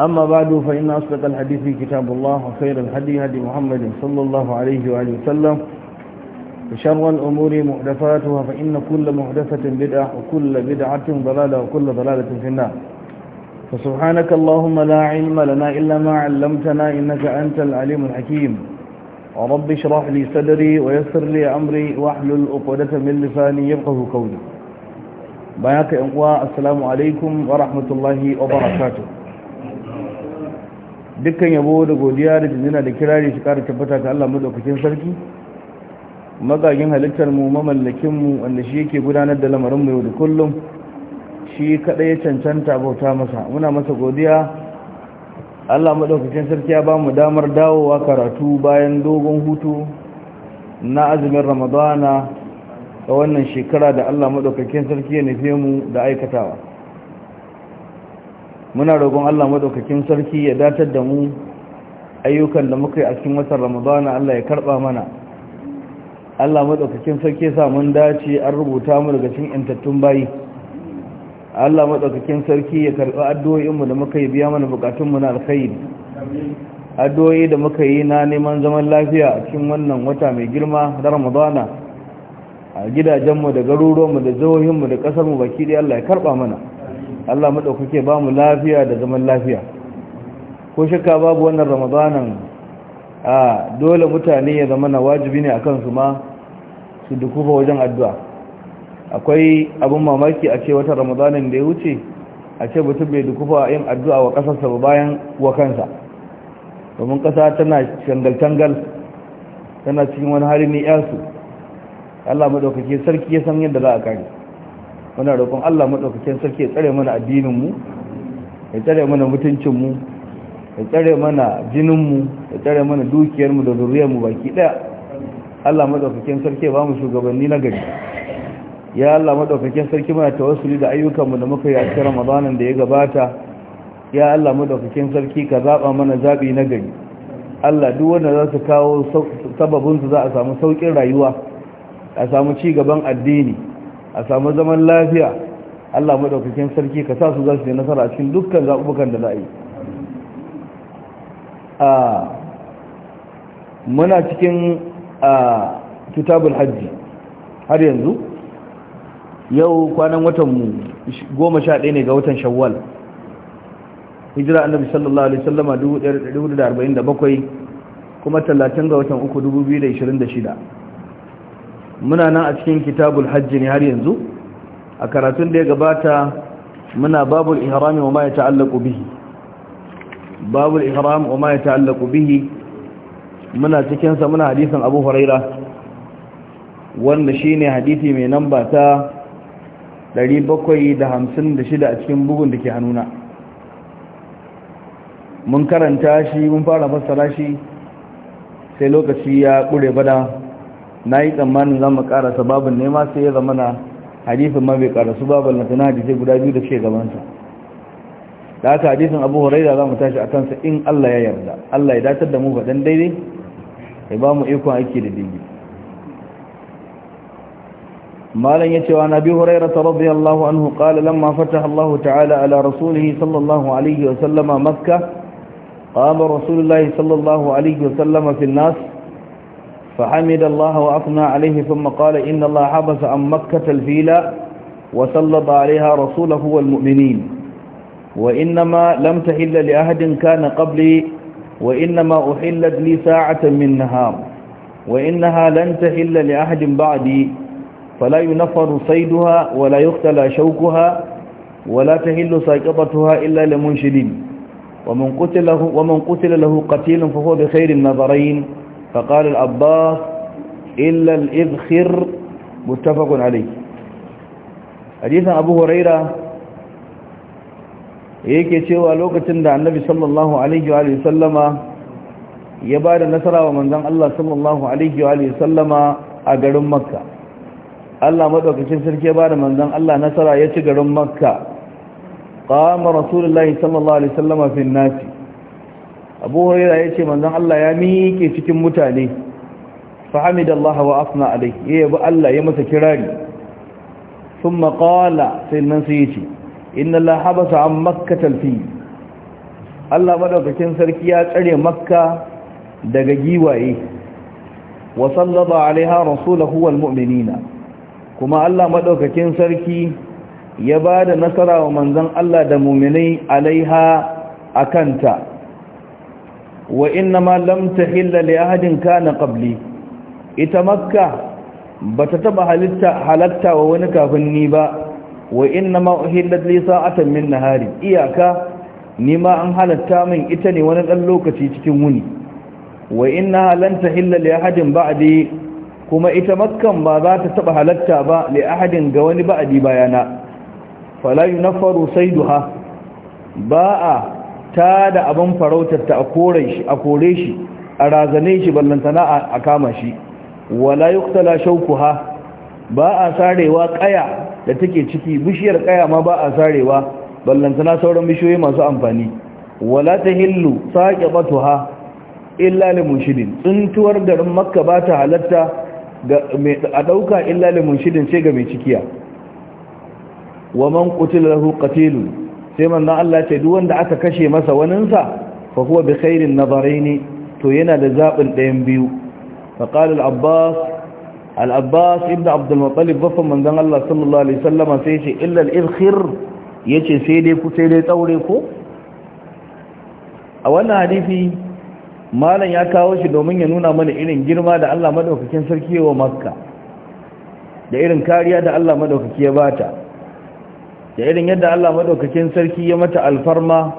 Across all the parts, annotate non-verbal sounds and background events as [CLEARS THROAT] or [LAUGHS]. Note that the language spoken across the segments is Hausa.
أما بعد فإن أصدق الحديث كتاب الله وخير الهدي هدي محمد صلى الله عليه وآله وسلم وشر الأمور محدثاتها فإن كل محدثة بدعة وكل بدعة ضلالة وكل ضلالة في النار فسبحانك اللهم لا علم لنا إلا ما علمتنا إنك أنت العليم الحكيم ورب اشرح لي صدري ويسر لي أمري واحلل عقدة من لساني يفقه قولي بياك إنقواء السلام عليكم ورحمة الله وبركاته dukkan yabo da godiya da jinjina da kirari shi kara tabbata ga Allah madaukakin sarki magagin halittar mu mamallakin mu wanda shi yake gudanar da lamarin mu yau da kullum shi kadai ya cancanta bauta masa muna masa godiya Allah madaukakin sarki ya bamu damar dawowa karatu bayan dogon hutu na azumin Ramadana a wannan shekara da Allah madaukakin sarki ya nufe mu da aikatawa muna roƙon Allah madaukakin sarki ya datar da mu ayyukan da muka yi a cikin watan Ramadan Allah ya karba mana Allah madaukakin sarki sa mun dace an rubuta mu daga cikin intattun bayi Allah madaukakin sarki ya karba addu'o'in mu da muka yi biya mana bukatun mu na alkhairi addu'o'i da muka yi na neman zaman lafiya a cikin wannan wata mai girma da Ramadan. a gidajenmu da mu da jihohinmu da ƙasarmu baki dai Allah ya karba mana Allah madaukake ba mu lafiya da zaman lafiya ko shakka babu wannan ramadanan a dole mutane ya zama na wajibi ne akan su ma su dukufa wajen addu'a akwai abin mamaki a ce wata ramadanin da ya wuce a ce mutum bai dukufa yin addu'a wa ƙasarsa ba bayan wa kansa domin kasa tana shangal-tangal tana cikin wani hali ne yasu Allah maɗaukake sarki ya san yadda za a kare muna roƙon Allah maɗaukakin sarki ya tsare mana addininmu, ya tsare mana mutuncinmu, ya tsare mana jininmu, ya tsare mana dukiyarmu da zuriyarmu baki ɗaya. Allah maɗaukakin sarki ba mu shugabanni na gari ya Allah maɗaukakin sarki muna tawassuli da ayyukanmu da muka yi a cikin Ramadanan da ya gabata ya Allah maɗaukakin sarki ka zaba mana zaɓi na gari Allah duk wanda za su kawo sababinsu za a samu saukin rayuwa a samu ci gaban addini a samu zaman lafiya Allah madaukakin sarki ka sa su za su yi nasara a cikin dukkan zaɓuɓɓukan da za a yi muna cikin kitabul hajji har yanzu yau kwanan watanmu goma sha ɗaya ne ga watan shawwal hijira annabi sallallahu alaihi sallama 1447 kuma 30 ga watan shida. muna nan a cikin kitabul hajji ne har yanzu a karatun da ya gabata muna babul ihrami wa ma ya ta'allaqu bihi babul ihram wa ma ya ta'allaqu bihi muna cikin sa muna hadisin Abu Huraira wanda shine hadisi mai namba ta 756 a cikin bugun da ke hannuna mun karanta shi mun fara fassara shi sai lokaci ya kure bada na yi tsammanin za mu karasa babin nema sai ya zama na hadisin ma bai karasu babin na tana hadisai guda biyu da ke gabansa da aka hadisin abu huraira za mu tashi a kansa in allah ya yarda allah ya datar da mu faɗin daidai ya ba mu ikon aiki da digi malam ya cewa na biyu huraira ta rabbi allahu anhu ƙala lamma fataha allahu ta'ala ala rasulihi sallallahu alaihi wa sallama makka قام رسول الله صلى الله عليه وسلم في الناس فحمد الله وأثنى عليه ثم قال إن الله حبس عن مكة الفيلة وسلط عليها رسوله والمؤمنين وإنما لم تحل لأحد كان قبلي وإنما أحلت لي ساعة من نهار وإنها لن تحل لأحد بعدي فلا ينفر صيدها ولا يختلى شوكها ولا تحل ساقطتها إلا لمنشد ومن قتل له, ومن قتل له قتيل فهو بخير النظرين فقال العباس إلا الإذخر متفق عليه حديث أبو هريرة yake cewa lokacin da annabi sallallahu alaihi wa sallama ya ba da nasara wa manzon Allah sallallahu alaihi wa sallama a garin makka Allah madaukakin sarki ya ba da manzon Allah nasara ya ci garin makka qama rasulullahi sallallahu alaihi wa sallama fi nasi abu huraira ya ce manzan Allah ya miƙe cikin mutane fahamidallahi wa asna alai ya yabi Allah ya masa kirari Sun maƙala sai nan sai yace inna la habasa an makka talfi Allah maɗaukakin sarki ya tsare makka daga giwaye wa sallaba alaiha rasulahu wal mu'minina kuma Allah maɗaukakin sarki ya da nasara wa manzan Allah da mu'minai alaiha akanta wa innama lam tahilla li ahadin kana qabli ita makka bata taba halitta halatta wa wani kafin ni ba wa innama uhillat li sa'atan min nahari iyaka nima an halatta min ita ne wani dan lokaci cikin wuni wa inna lan tahilla li ahadin ba'di kuma ita makkan ba za ta taba halatta ba li ahadin ga wani ba'di bayana fala yunfaru sayduha ba'a ta da abin farautar ta a kore shi a razane shi ballantana a kama shi wala yuqtala ha? ba a sarewa kaya da take ciki bishiyar kaya ma ba a sarewa ballantana sauran bishiyoyi masu amfani wala ha? In illa limunshidin tsuntuwar garin makka ba ta halatta a dauka illa limunshidin ce ga mai cikiya wa man qutila lahu qatilun sai manna Allah ce duk wanda aka kashe masa waninsa fa huwa bi khairin nadaraini to yana da zabin ɗayan biyu fa qala al-abbas al-abbas ibn abd al-muttalib fa manzon Allah sallallahu alaihi wasallam sai ce illa al-ibkhir yace sai dai ku sai dai tsaure ko a wannan hadisi malam ya kawo shi domin ya nuna mana irin girma da Allah madaukakin sarki wa makka da irin kariya da Allah madaukaki ya bata da irin yadda Allah madaukakin sarki ya mata alfarma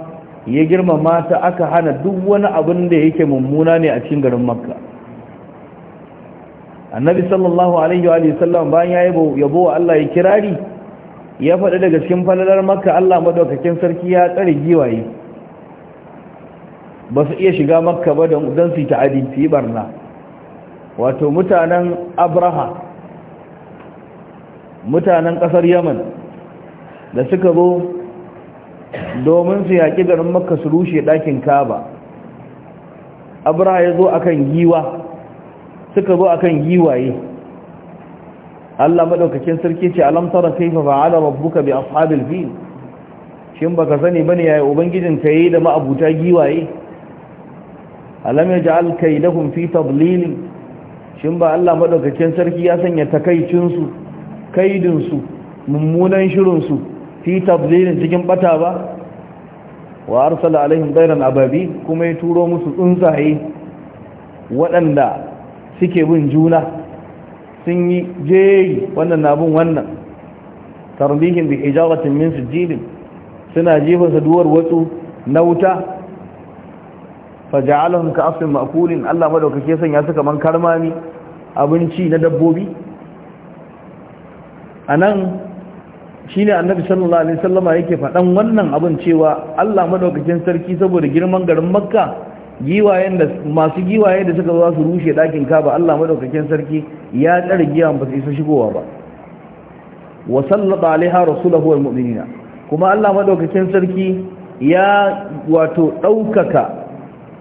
ya girmama ta aka hana duk wani abin da yake mummuna ne a cikin garin makka annabi sallallahu alaihi wa sallam bayan ya yabo wa Allah ya kirari ya faɗi daga cikin falalar makka Allah madaukakin sarki ya tsare giwaye ba su iya shiga makka ba don su yi ta'adi su yi barna wato mutanen abraha mutanen ƙasar yaman da suka zo domin su yaƙi garin makka su rushe ɗakin kaba abraha ya zo akan giwa suka zo akan giwaye Allah madaukakin sarki ce alam tara kaifa fa'ala rabbuka bi ashabil fil shin baka sani bane yayi ubangijin kai da ma'abuta giwaye alam yaj'al kaydahum fi tadlil shin ba Allah madaukakin sarki ya sanya takaicin su kaidin su mummunan shirin su fi tafzilin cikin bata ba wa arsala alaihim dairan ababi kuma ya turo musu tsuntsaye waɗanda suke bin juna sun yi jeyi wannan na bin wannan tarbihin bi ijawatin min sujjilin suna jefa saduwar watsu na wuta faja'alahum ka asfin ma'kulin Allah madaukake sanya suka man karmami abinci na dabbobi anan ne annabi sallallahu alaihi wasallama yake faɗan wannan abin cewa Allah madaukakin sarki saboda girman garin makka giwayen da masu giwaye da suka za su rushe ɗakin kaba Allah madaukakin sarki ya tsare giyan ba su isa shigowa ba wa sallata alaiha rasulahu wal mu'minina kuma Allah madaukakin sarki ya wato ɗaukaka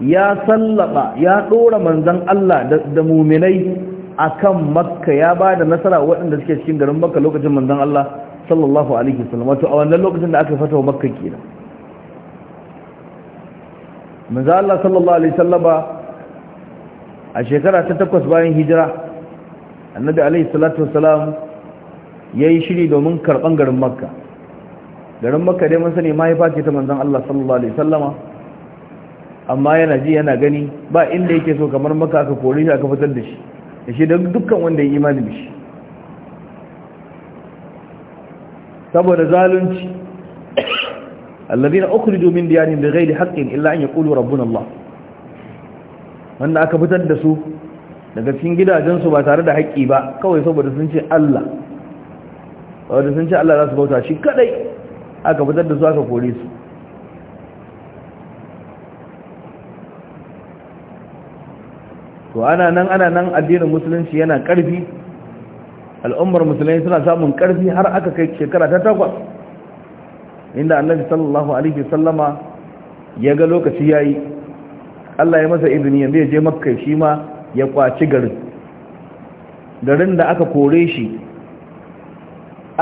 ya sallaba ya ɗora manzan Allah da muminai akan makka ya ba da nasara waɗanda suke cikin garin makka lokacin manzan Allah sallallahu alaihi wasallam wato a wannan lokacin da aka fatawa makka kenan manzo Allah sallallahu alaihi wasallama a shekara ta takwas bayan hijira annabi alaihi salatu wasalam yayi shiri domin karban garin makka garin makka dai mun sani mahaifa ce ta manzon Allah sallallahu alaihi wasallama amma yana ji yana gani ba inda yake so kamar Makka aka kore shi aka fitar da shi da shi dukkan wanda ya imani da shi saboda zalunci alladhina ukhriju min diyarihim bighairi haqqin illa an yaqulu rabbuna Allah wanda aka fitar da su daga cikin gidajen su ba tare da haƙƙi ba kawai saboda sun ce Allah saboda sun ce Allah za su bauta shi kadai aka fitar da su aka kore su to ana nan ana nan addinin musulunci yana ƙarfi al'ummar musulmai suna samun karfi har aka kai shekara ta takwas inda annabi sallallahu alaihi sallama ya ga lokaci yayi Allah ya masa izini yanzu ya je makka shi ma ya kwaci garin garin da aka kore shi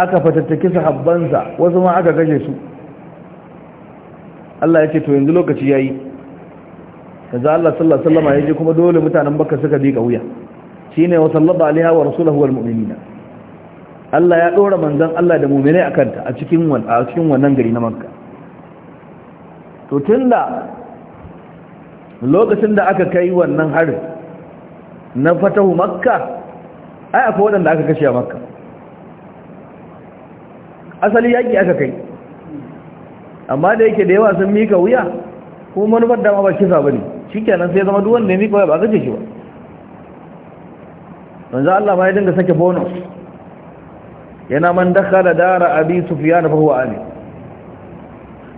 aka fatattaki sahabbansa wasu ma aka kashe su Allah ya ce to yanzu lokaci yayi yanzu Allah sallallahu alaihi sallama ya je kuma dole mutanen makka suka bi wuya shine wa sallaba alaiha wa rasuluhu wal mu'minina Allah ya dora manzon Allah da mu'minai akan ta a cikin a cikin wannan gari na Makka to tunda lokacin da aka kai wannan harin na fatahu Makka ai akwai waɗanda aka kashe a Makka asali yaki aka kai amma da yake da yawa sun mika wuya kuma manufar dama ba kisa bane shikenan sai zama duk wanda ya mika wuya ba kace shi ba Wanzu Allah ma ya dinga sake bonus yana man dakhala dara abi sufyan fa huwa amin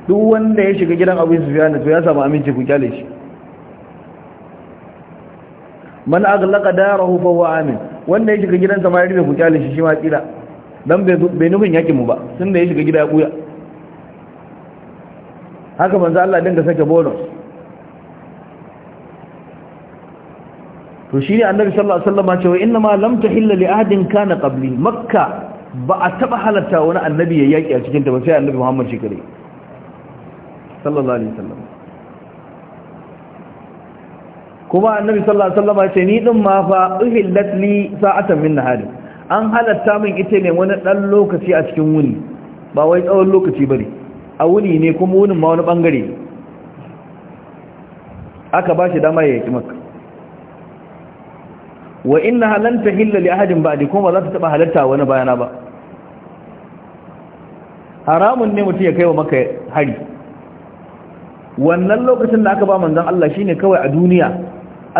duk wanda ya shiga gidan abi sufyan to ya samu aminci ku kyale shi man aghlaqa darahu fa huwa amin wanda ya shiga gidansa ma ya rufe ku kyale shi shi ma tsira dan bai nufin yake mu ba tunda ya shiga gida ya buya haka manzo Allah dinga sake bonus to shi ne annabi sallallahu alaihi wasallam cewa inna ma lam tahilla li ahadin kana qabli makka ba a taba halarta wani annabi ya yaki a cikin ta ba sai annabi muhammad shi kare sallallahu alaihi wasallam kuma annabi sallallahu alaihi wasallam ce ni din ma fa uhillat li sa'atan min nahari an halarta min ita ne wani dan lokaci a cikin wuni ba wai tsawon lokaci bane a wuni ne kuma wunin ma wani bangare aka ba shi dama ya yaki makka wa innaha lan tahilla li ahadin ba'di kuma za ta taba halarta wani bayana ba haramun ne mutum ya kai wa maka hari wannan lokacin da aka ba manzan Allah shi ne kawai a duniya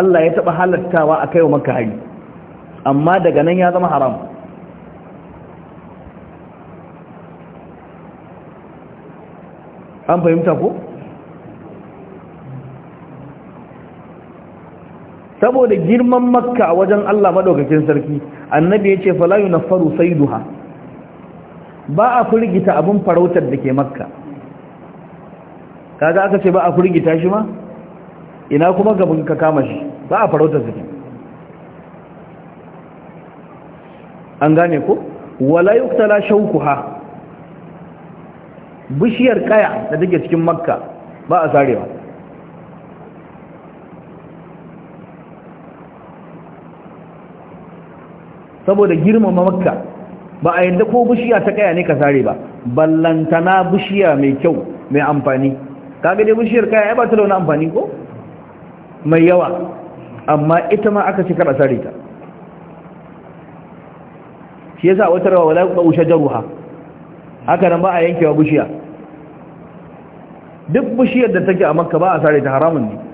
Allah ya taba halartawa a kai wa maka hari amma daga nan ya zama haram an fahimta ko saboda girman makka a wajen Allah madaukakin sarki annabi ya ce fala yunfaru sayduha ba a furgita abin farautar da ke makka kaga aka ce ba a furgita shi ma ina kuma gaban ka kama shi ba a farautar su an gane ko wala yuktala shaukuha bishiyar kaya da take cikin makka ba a sarewa saboda girmama makka ba a yadda ko bishiya ta kaya ne ka sare ba ballantana bishiya mai kyau mai amfani kaga dai bishiyar kaya ba ta launa amfani ko mai yawa amma ita ma aka ce kada sare ta shi yasa wata rawa wala ba jaruha haka nan ba a yankewa bishiya duk bishiyar da take a makka ba a sare ta haramun ne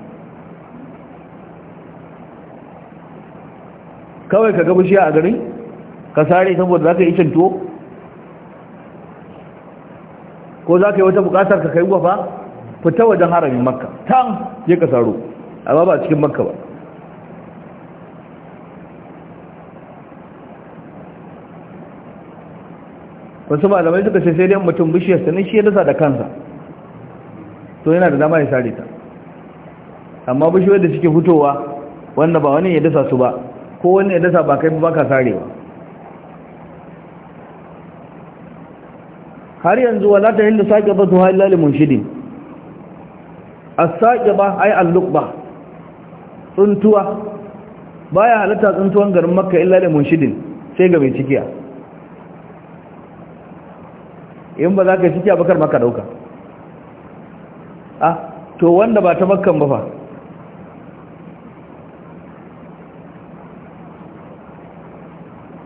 kawai ka gaba shiya a garin ka sare saboda za ka yi cinto ko za ka yi wata bukatar ka kai wafa fita wajen haramin makka ta je ka saro amma ba cikin makka ba wasu malamai suka ce sai dai mutum bishiyar sanin shi ya dasa da kansa to yana da dama ya sare ta amma bishiyar da suke fitowa wanda ba wani ya dasa su ba ko wani ya dasa ba kai ba ka sarewa har yanzu wala ta hindu sake ba zuwa ilali shidi a sake ba ai alluk ba tsuntuwa baya halatta tsuntuwan garin makka ilali shidi sai ga mai cikiya in ba za ka cikiya bakar maka dauka A ah, to wanda ba ta makkan ba fa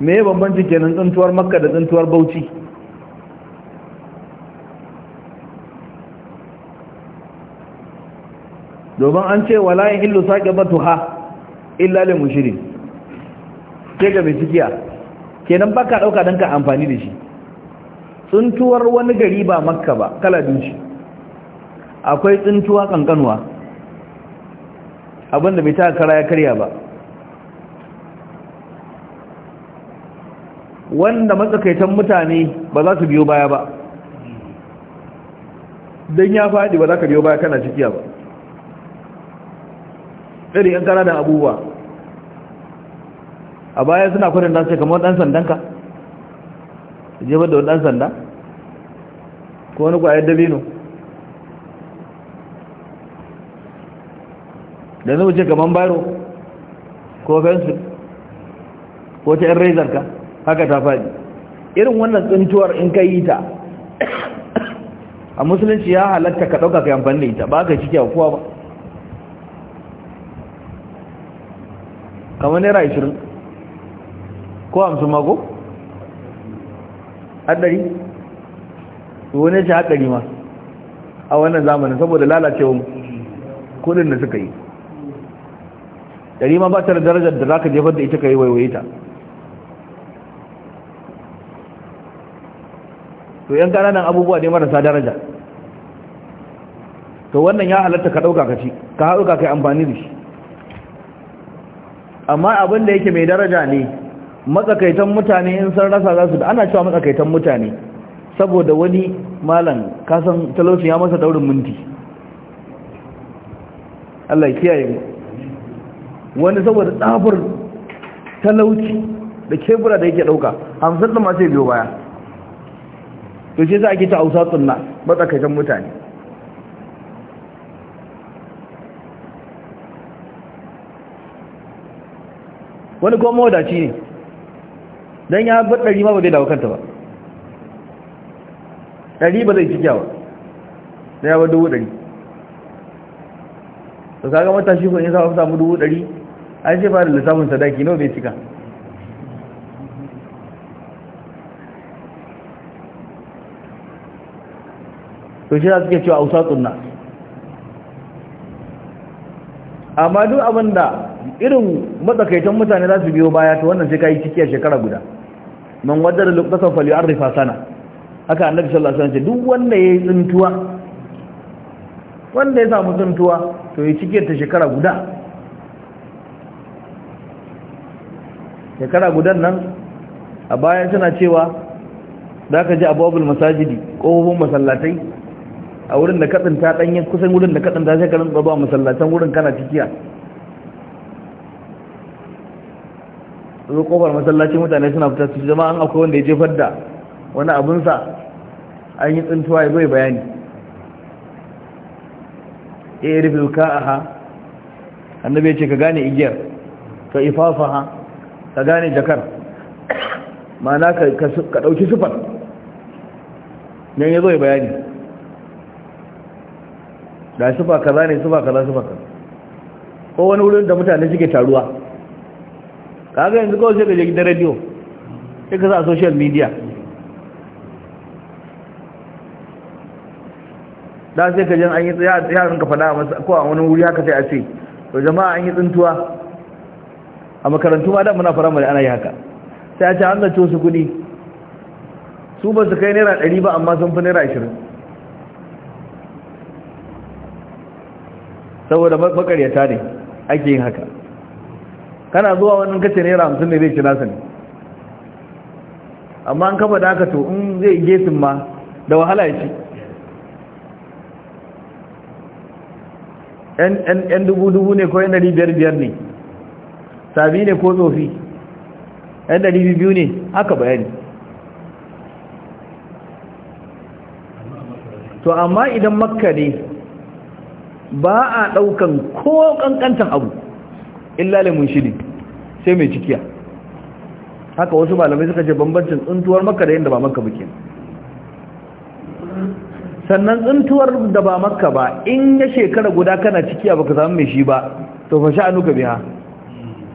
me ya bambanci kenan tsintuwar makka da tsintuwar bauchi domin an ce wala layin illu sake batuha illa lil mushiri ke ga bisikiya kenan baka dauka dan ka amfani da shi tsintuwar wani gari ba makka ba kala dinshi akwai tsuntuwa kankanwa abinda bai ta kara ya karya ba wanda matsakaitan mutane ba za su biyo baya ba don ya faɗi ba za ka biyo baya kana cikiya ba ɗari yan da abubuwa a baya suna kwanin nan sai kamar ɗan sandanka jefar da wani ɗan sanda ko wani ƙwayar dabino da zai ce kamar baro ko fensu ko ta ‘yan rezarka haka ta faɗi irin wannan tsintuwar in ka yi ta a musulunci ya halatta ka ɗauka ka amfani ta ita ba ka ciki a kowa ba kamar naira ashirin ko hamsin mako? haɗari wani ce haɗari ma a wannan zamanin saboda lalacewa kudin da suka yi ɗari ma ba ta da darajar da za ka jefar da ita ka yi ta. to yan ƙananan abubuwa ne marasa daraja to wannan ya halatta ka ɗauka ka ci ka hauka kai amfani da shi amma abin da yake mai daraja ne matsakaitan mutane in san rasa za su da ana cewa matsakaitan mutane saboda wani malam kasan talauci ya masa daurin minti Allah kiyaye mu wani saboda tsabar talauci da kebura da yake dauka hamsin da masu biyo baya to shi za a kita ausatun na matsakaitan mutane wani kuma mawadaci ne don ya bar ɗari ma ba zai dawo kanta ba ɗari ba zai cikyawa ba da ya wadda dubu ɗari to kaga matashi ko in samun dubu ɗari an ce ba da lissafin sadaki nawa bai cika to shi suke cewa ausatun nas amma duk abinda irin matsakaitan mutane za su biyo baya to wannan sai yi cikiyar shekara guda man wadar da lokacin fali arrifa sana haka annabi sallallahu alaihi wasallam duk wanda yayi tsuntuwa wanda ya samu tsuntuwa to ya cikiyar ta shekara guda shekara gudan nan a bayan suna cewa za ka ji abubuwan masajidi ƙofofin masallatai a wurin da katsin ta danyen kusan wurin da katsin ta sai ka rinka zuwa masallacin wurin kana cikiya zo kofar masallacin mutane suna fitar su jama'a an akwai wanda ya jefar da wani abinsa an yi tsintuwa ya bai bayani ya eh, yi rufe ka a ha annabi ya ce ka gane igiyar ka ifafa ha ka gane jakar ma'ana ka ɗauki sufar don ya zo ya bayani da sufa kaza ne sufa kaza sufa kaza ko wani wurin da mutane suke taruwa kaga yanzu kawai sai ka je gidan radio sai ka sa a social media da sai ka jan an yi yaran ka fada masa ko a wani wuri haka sai a ce to jama'a an yi tsintuwa a makarantu ma da muna firamare ana yi haka sai a ce an zato su kudi su ba su kai naira 100 ba amma sun fi naira 20 saboda makaryata ne ake yin haka kana zuwa wannan kace naira hamsin ne zai ci nasa ne amma an kafa da haka to in zai gesin ma da wahala ya ci yan dubu-dubu ne ko yan dari biyar-biyar ne sabi ne ko tsofi yan dari biyu ne haka bayani to amma idan makka ne ba a ɗaukan ko ƙanƙantan abu illa shi ne sai mai cikiya haka wasu malamai suka ce bambancin tsuntuwar makka da yadda ba makka buke sannan tsuntuwar da ba makka ba in ya shekara guda kana cikiya ba ka zama mai shi ba to fa a nuka biya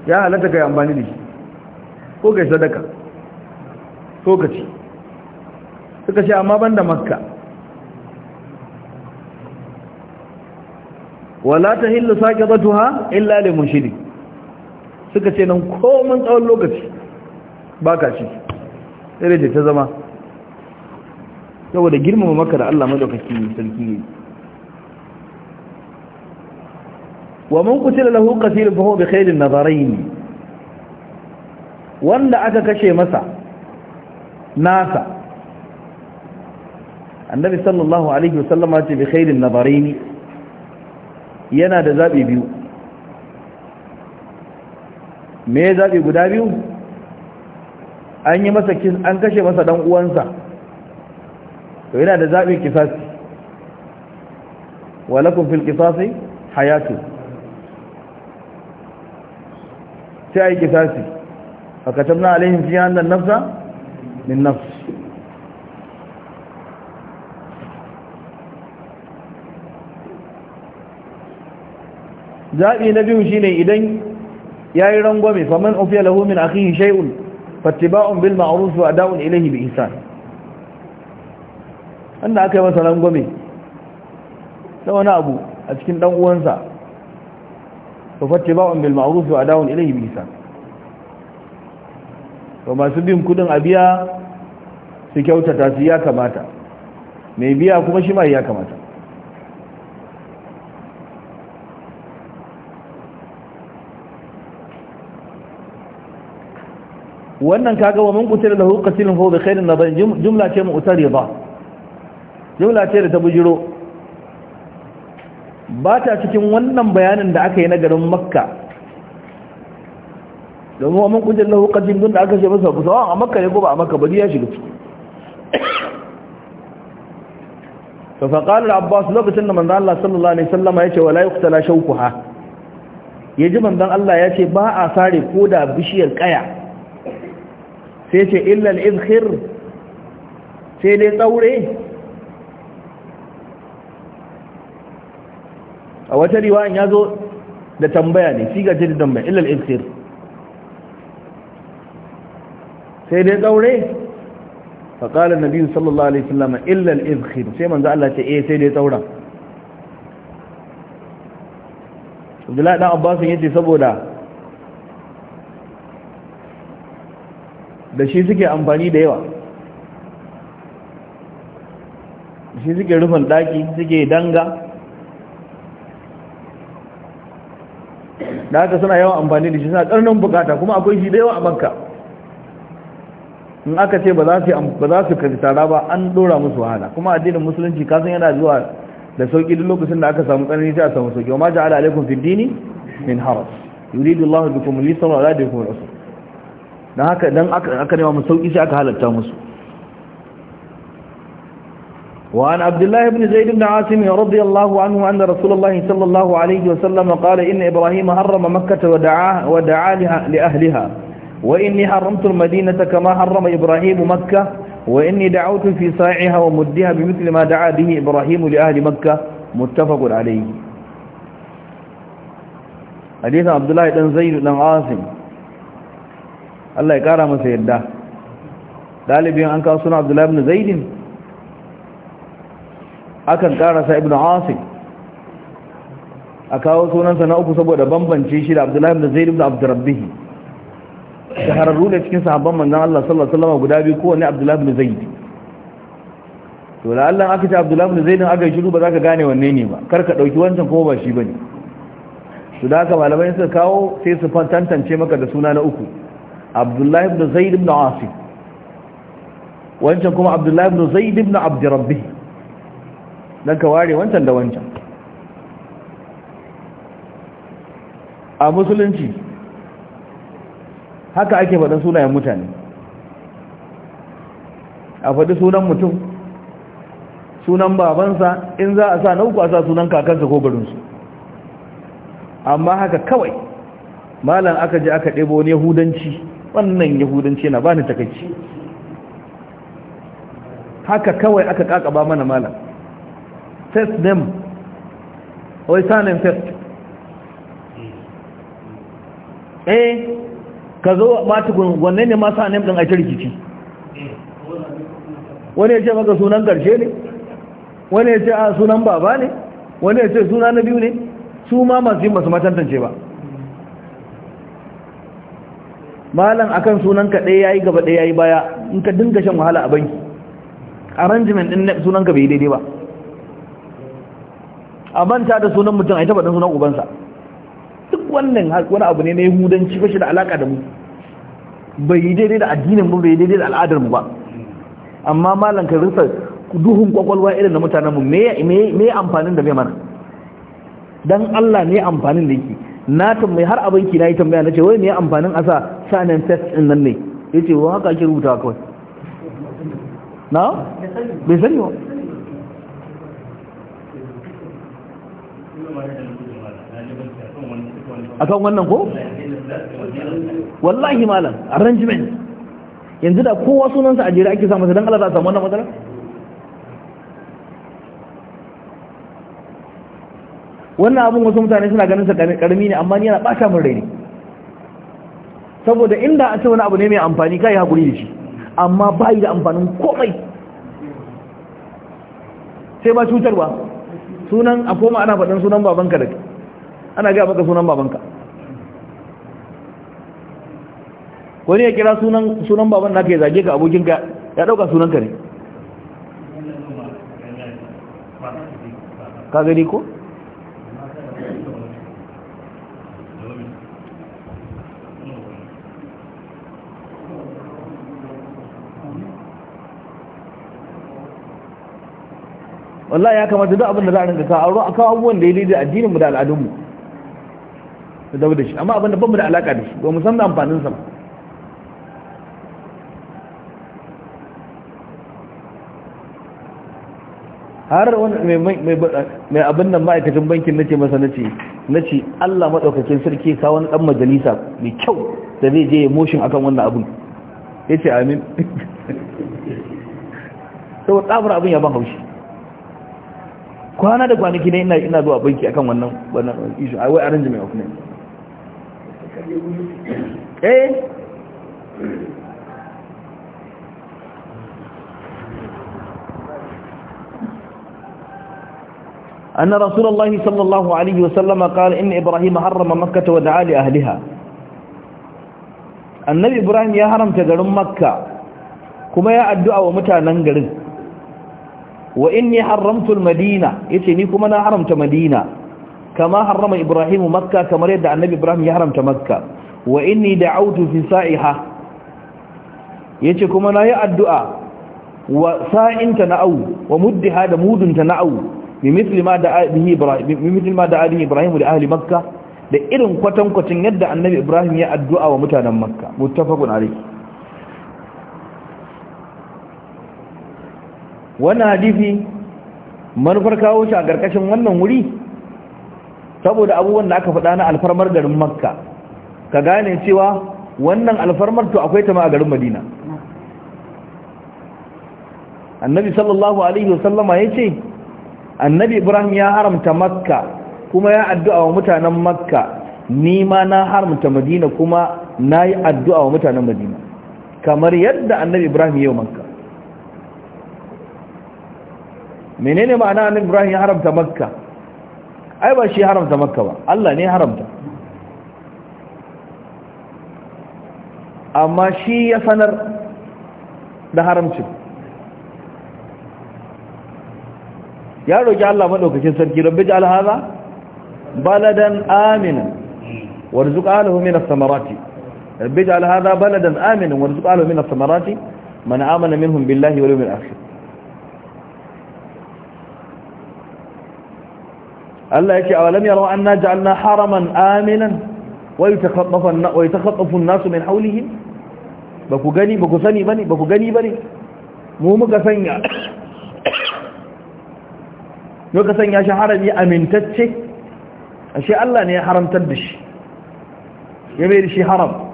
ya halatta yi amfani da shi ko kai sadaka ko ka ci suka ce amma ban da makka wala ta hillu saqidatuha illa lil mushrik suka ce nan komin tsawon lokaci baka ci sai da ta zama saboda girmama maka da Allah madaukaki sarki ne wa mun man qutila lahu qatil fa huwa bi khairin nadarayn wanda aka kashe masa nasa annabi sallallahu alaihi wasallama ce bi khairin nadarayn yana da zaɓi biyu me ya zaɓi guda biyu an yi masa kin an kashe masa ɗan uwansa to yana da zaɓi kisasi walakun fil kisasi hayatu sai ai kisasi fa katabna alaihim fi anna nafsa min nafs zaɓi na biyu shine idan ya yi rangwame faman ofiya lahu min akhihi shay'un fattiba'un bil ma'arusu a da'un ilahi bi an wanda aka yi masa rangwame ta wani abu a cikin dan uwansa fa fattiba'un bil ma'arusu a da'un ilahi bi isa to masu bin kudin a biya su kyautata su ya kamata mai biya kuma shi ma ya kamata wannan kaga wa man qutila lahu qatilun fa huwa bi khairin nadan jumla ce mu ba. jumla ce da ta bujiro ba ta cikin wannan bayanin da aka yi na garin makka domin wa man qutila lahu qatilun da aka ce masa ba sawan a makka ne ko ba a makka ba ya shiga ciki fa faqala al-abbas lokacin da manzo Allah sallallahu alaihi wasallam ya ce wala yuqtala shawkuha yaji manzo Allah ya ce ba a sare koda bishiyar kaya sai ce illal izhir sai dai tsaure a wata riwayan ya zo da tambaya ne shi gaji da tambaya illal izhir sai dai tsaure faƙalar nabi sallallahu alaihi sallama illal izhir sai manzo Allah ce eh sai dai tsaura Abdullahi dan Abbas yace saboda da shi suke amfani da yawa shi suke rufin daki suke danga da haka suna yawan amfani da shi suna karnin bukata kuma akwai shi da yawa a banka in aka ce ba za su tara ba an dora musu wahala kuma addinin musulunci kasan yana zuwa da sauƙi duk lokacin da aka samu tsanani sai a samu sauƙi wa ma ja'ala alaikum fid dini min haras yuridu Allahu bikum al wa la bikum al don haka don aka nema mu sauƙi sai aka halatta musu wa an abdullahi ibn zaid ibn asim radiyallahu anhu anna rasulullahi sallallahu alayhi wa inna ibrahim harrama makkah wa da'a wa da'a li ahliha wa inni haramtu almadinata kama harrama ibrahim makkah wa inni fi sa'iha wa muddiha bimithli ma da'a bihi ibrahim li ahli makkah muttafaq alayhi hadith abdullahi ibn zaid ibn asim Allah ya kara masa yadda dalibin an kawo suna abdullahi ibn zaidin akan karasa ibn asif a kawo sunansa na uku saboda bambance shi da abdullahi ibn zaid ibn abdurrabbihi shahararru ne cikin sahabban manzon Allah sallallahu alaihi wasallam guda biyu kowanne abdullahi ibn zaid to da Allah aka ce abdullahi ibn zaid aka yi shiru ba za ka gane wanne ne ba kar ka dauki wancan kuma ba shi bane to da haka malamai suka kawo sai su tantance maka da suna na uku abdullahi ibn zaid ibn asif wancan kuma abdullahi ibn zaid ibn abd rabbih dan ka ware wancan da wancan a musulunci haka ake faɗin sunayen mutane a faɗi sunan mutum sunan babansa in za a sa na uku a sa sunan kakansa ko garinsu amma haka kawai malam aka je aka ɗebo ne hudanci wannan yahudanci na bani takaici haka kawai aka kakaba mana malam test them wai sanin test eh ka zo ma tukun wanne ne ma sanin din a rikici wani ya ce maka sunan karshe ne wani ya ce a ah, sunan baba ne wani ya ce suna na biyu ne su ma masu yi masu matantance ba malam akan sunanka ɗaya yayi gaba ɗaya yayi baya in ka dinga shan wahala a banki arrangement din sunanka bai daidai ba a manta da sunan mutum a yi tabbatar sunan ubansa duk wannan wani abu ne na yahudanci ba shi da alaka da mu bai yi daidai da addinin mu bai yi daidai da al'adar mu ba amma malam ka rufe duhun kwakwalwa irin na mutanen mu me me amfanin da bai mana dan Allah ne amfanin da yake na tambayi har abinki na yi tambaya na ce wai me amfanin asa sanin test din nan ne ya ce wa haka ake rubuta kawai na? bai sani ba a kan wannan ko? wallahi malam arrangement yanzu da kowa sunansa a jere ake samu don Allah ta samu wannan matsalar? wannan abin wasu mutane suna ganin sa karmi ne amma ni yana bata min rai ne saboda inda a ce wani abu ne mai amfani kai hakuri da shi amma bai da amfanin komai sai ba cutarwa sunan a koma ana faɗin sunan babanka da ana gaya maka sunan babanka wani ya kira sunan sunan baban naka yi zage ka abokinka ya ɗauka sunanka ne ka gani ko? wallahi ya kamata duk abin da za a rinka kawo aure a kawo abubuwan da ya daidai addinin mu da al'adun mu da dawo da shi amma abin da ban mu da alaka da shi ba mu san da amfanin sa har wani mai abin nan ma'aikacin bankin nace masa nace nace Allah madaukakin sarki ka wani dan majalisa mai kyau da zai je motion akan wannan abin yace amin [LAUGHS] saboda tsabar abin ya ban haushi kwana da kwanaki ne ina ina zuwa banki akan wannan wannan issue ai wai arrangement of name eh أن رسول الله صلى الله عليه وسلم قال إن إبراهيم حرم مكة ودعا لأهلها النبي إبراهيم يا حرم تقرم مكة كما يا أدعى ومتى ننقرم wa inni haramtu al-madina yace ni kuma na haramta madina kama harama ibrahimu makka kamar yadda annabi ibrahim ya haramta makka wa inni da'awtu fi sa'iha yace kuma na yi addu'a wa sa'inta na'u wa muddiha da mudunta na'u bimithli ma da'a bihi ibrahim bimithli ma da'a ibrahim li ahli makka da irin kwatankwacin yadda annabi ibrahim ya addu'a wa mutanen makka muttafaqun alayhi wani hadisi manufar kawo shi a ƙarƙashin wannan wuri saboda abubuwan da aka faɗa na alfarmar garin makka ka gane cewa wannan alfarmar to akwai ta ma a garin madina annabi sallallahu alaihi wasallama ya ce annabi ibrahim ya haramta makka kuma ya addu'a wa mutanen makka ni ma na haramta madina kuma na yi addu'a wa mutanen madina kamar yadda annabi ibrahim ya yi wa makka menene ma'ana annabi ibrahim ya haramta makka ai ba shi haramta makka ba Allah ne haramta amma shi ya sanar da haramcin ya roƙi Allah maɗaukacin sarki rabbi ji alhaza baladan aminin warzuƙa alahu minas samarati rabbi ji alhaza baladan aminin warzuƙa alahu minas samarati mana amana minhum billahi wal yawmil akhir Allah yake awalam yarau anna ja'alna haraman aminan wa yatakhaffafu wa yatakhaffafu an-nasu min hawlihim baku gani baku sani bane baku gani bane mu muka sanya muka sanya shi harami amintacce ashe Allah ne ya haramtar da shi ya mai shi haram